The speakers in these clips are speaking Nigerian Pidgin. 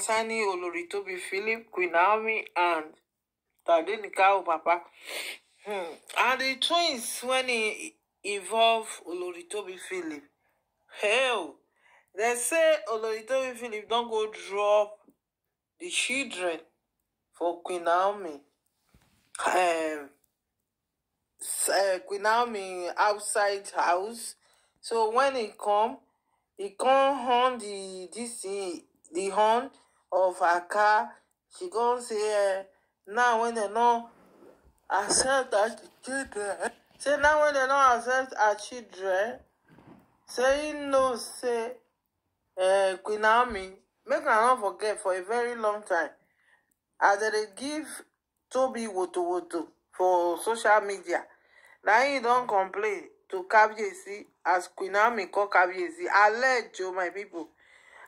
concerning Oloritobi Philip, Queen Naomi, and Tadenikao Papa. Hmm. And the twins, when he involved Oloritobi Philip, hell, they say Oloritobi Philip don go drop the children for Queen Um, uh, Queen outside house. So when he come, he come horn the this the horn of her car she come say eh, now when dem no accept her children say now when they no accept her children say no say uh, queen naomi make una not forget for a very long time as they give Toby tobi wotowoto for social media now you don't complain to kabiyesi as queen naomi call I let you, my people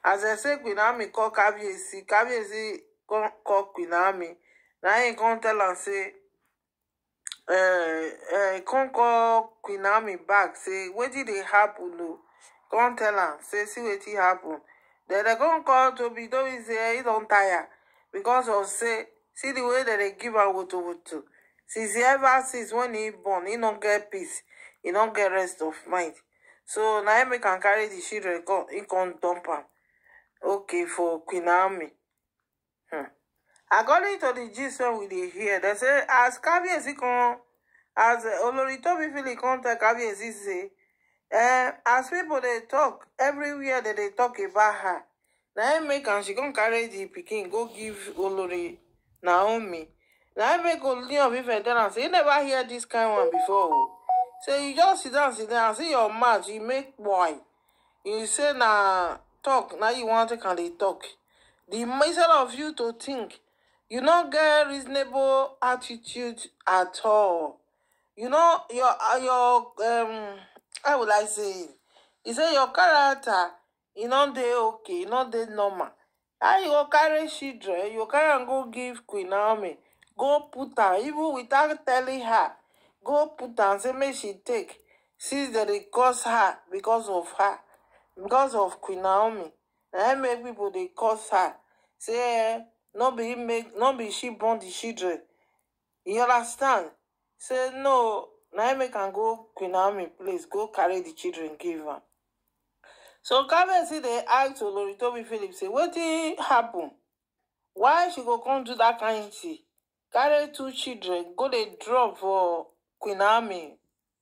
asese queen naomi call kabiyesi kabiyesi come call queen naomi na him come tell am say uh, eh, uh, eh, come call queen back say wetin dey happen o come tell am say see wetin happen dem dey come call tobi tobi say eh, he don tire because of say see the way dem dey give am wotowoto since ever since when he born he no get peace he no get rest of mind so na him make am carry the children come he come dump am okay for queen naomi hmm. according to the gist when we dey hear They say as kabiyesi kan as olori tobifili kan tell kabiyesi say um, eh, as people they talk everywhere that they talk about her Now im make and she come carry the pikin go give olori naomi Now im make olori of ife tell say you never hear dis kain one before o say you just sit down sit down see your match. you make boy you say na talk now you want take can they talk the instead of you to think you no get reasonable attitude at all you know your uh, your um how would i say e say your character You no dey okay e no dey normal how you go carry children you carry and go give queen naomi go put her even without telling her go put and say make she take since they cause her because of her because of queen naomi na eh, her make pipo dey curse her say eh, no be make no be she born di children you understand say no na can go queen naomi place go carry di children give am so kabezi dey ask oloritobi philip say wetin happen why she go come do dat kain thing carry two children go dey drop for queen naomi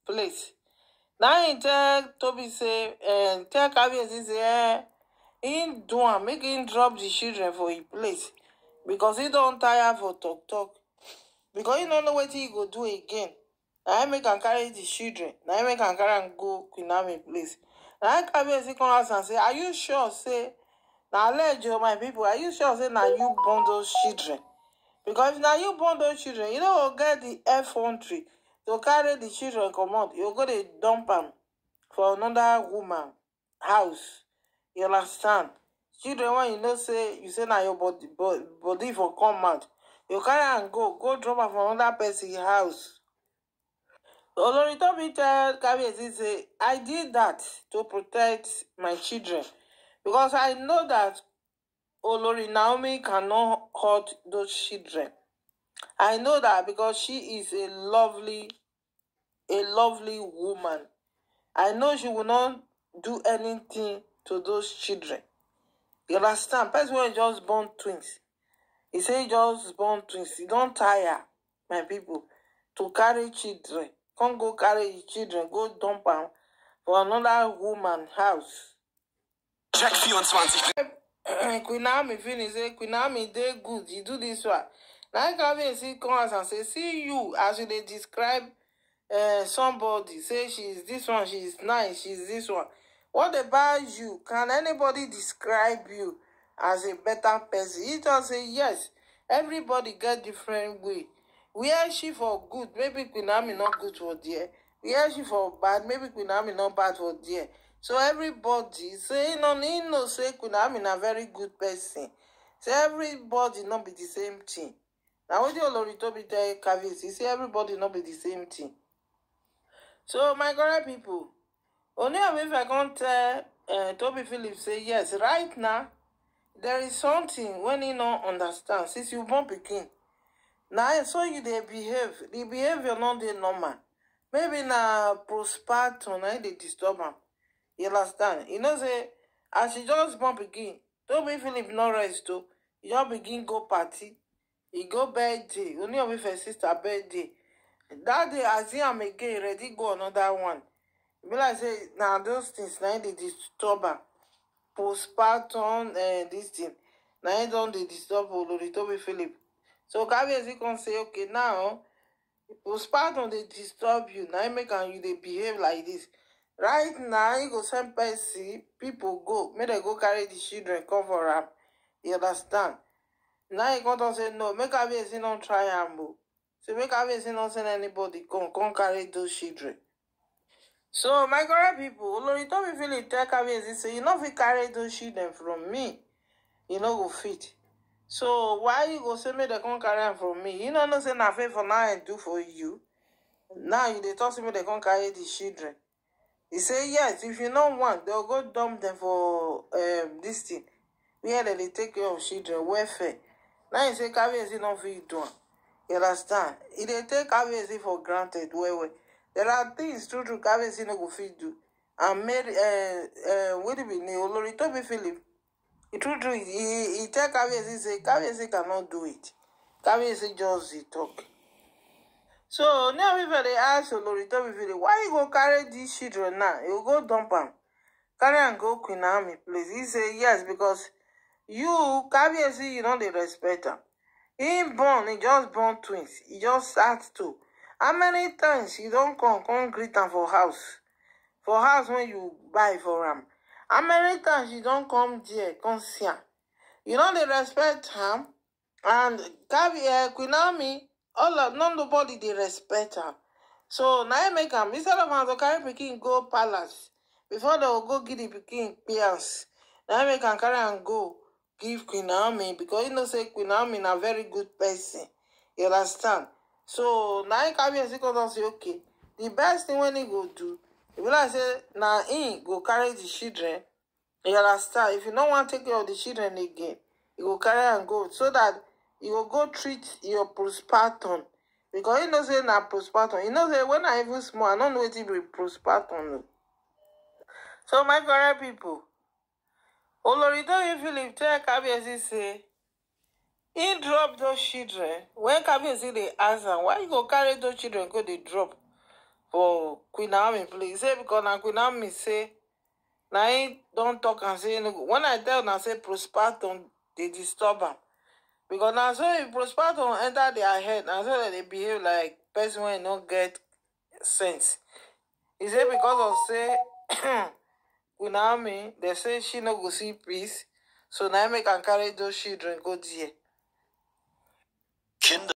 place na im tell tobi say um, tell kabiyesi say eh, im eh, do am make im drop the children for im place because he don tire for talk talk because he no know wetin he go do again na him make am carry the children na him make am carry am go Queen Naomi place na him kabiyesi come ask am say are you sure say na Alejo my people are you sure say na you born those children because if na you born those children you no go get the infantry to carry the children comot you go dey dump am for another woman house you understand children when you know say you say na your body body for come out you carry am go go drop am for another person house Olori oloritobi tell kabiyesi say i did that to protect my children because i know that olori naomi cannot hurt those children i know that because she is a lovely a lovely woman. I know she will not do anything to those children. You understand? Person wey just born twins. He say just born twins. He don't tire, my people, to carry children. Come go carry children, go dump am for another woman house. Check 24. Eh, eh, Queen Naomi finish Queen Naomi dey good. You do this one. Now you come and see come and say, see you as you describe uh, somebody say she's this one she's nice she's this one what about you can anybody describe you as a better person he just say yes everybody get different way We are she for good maybe Queen Naomi not good for dear. We are she for bad maybe Queen Naomi not bad for dear. so everybody say no he no say Queen Naomi na very good person say everybody not be the same thing na wetin Olori Tobi tell you say everybody not be the same thing so my correct people, only if i can tell toby phillips say yes right now there is something when he no understand since you born Now I saw you they behave the behavior not the normal maybe now postpartum na e dey disturb him. you understand you know say as she just born pikin toby Phillips not rest too. You just begin go party e go birthday only of her sister birthday that day i see am again ready go another one e be like say now those things now im disturb her, postpartum uh, eh, this thing na im don dey disturb oloritobi philip so kabiyesi can say okay now postpartum they disturb you Now im make am you they behave like this right now you go send person people go make they go carry the children cover up. you understand now he come talk say no make kabiyesi don't try am o oh. So make Kabiyesi not send anybody come, come carry those children. So my correct people, told me Olori Tomifili tell Kabiyesi say you no fit carry those children from me. You no go fit. So why you go send me the come carry am from me? You no know say na faith for now and do for you. Now you dey talk say make dem come carry the children. He say yes, if you no want, they'll go dump them for um, this thing. We had dey take care of children, welfare. Now you say Kabiyesi no fit do am. You understand? He dey take Kabiyesi for granted well well. There are things true true Kabiyesi no go fit do. And made. uh, uh, eh, wey be ni Olori Toby Philip. He true true He, he tell Kabiyesi say Kabiyesi cannot do it. Kabiyesi just dey talk. So now people they ask Olori Toby Philip why you go carry these children now? You go dump am. Carry and go Queen Naomi place. He say yes because you Kabiyesi you know dey respect am he born he just born twins he just start two how many times he don't come come greet them for house for house when you buy for am how many times he don't come there come see am you know they respect him and caviar eh, queen naomi all of nobody they respect him. so now im make him instead of am to carry pikin go palace before they go go give the pikin pay Now na make him carry and go give Queen Naomi because you know say Queen Naomi a very good person. You understand? So na him Kabiyesi come and say okay, the best thing when he go do, e be like say now he go carry the children. You understand? If you no wan take care of the children again, you go carry and go so that you go go treat your postpartum because you know say now postpartum. You know say when I even small, I don't know what it be postpartum. So my correct people olórídóyè philip tell kábíyèsí say he drop those children wen kábíyèsí dey ask am why you go carry those children go they drop for queen naomi place he say because now queen naomi say now he don't talk and say no when i tell una say prospartum they disturb him? because now so if prospartum enter their head Now so they behave like person wey don't e get sense he say because of say Unami, they say she no go see peace, so Naomi can carry those children go there. Kinder.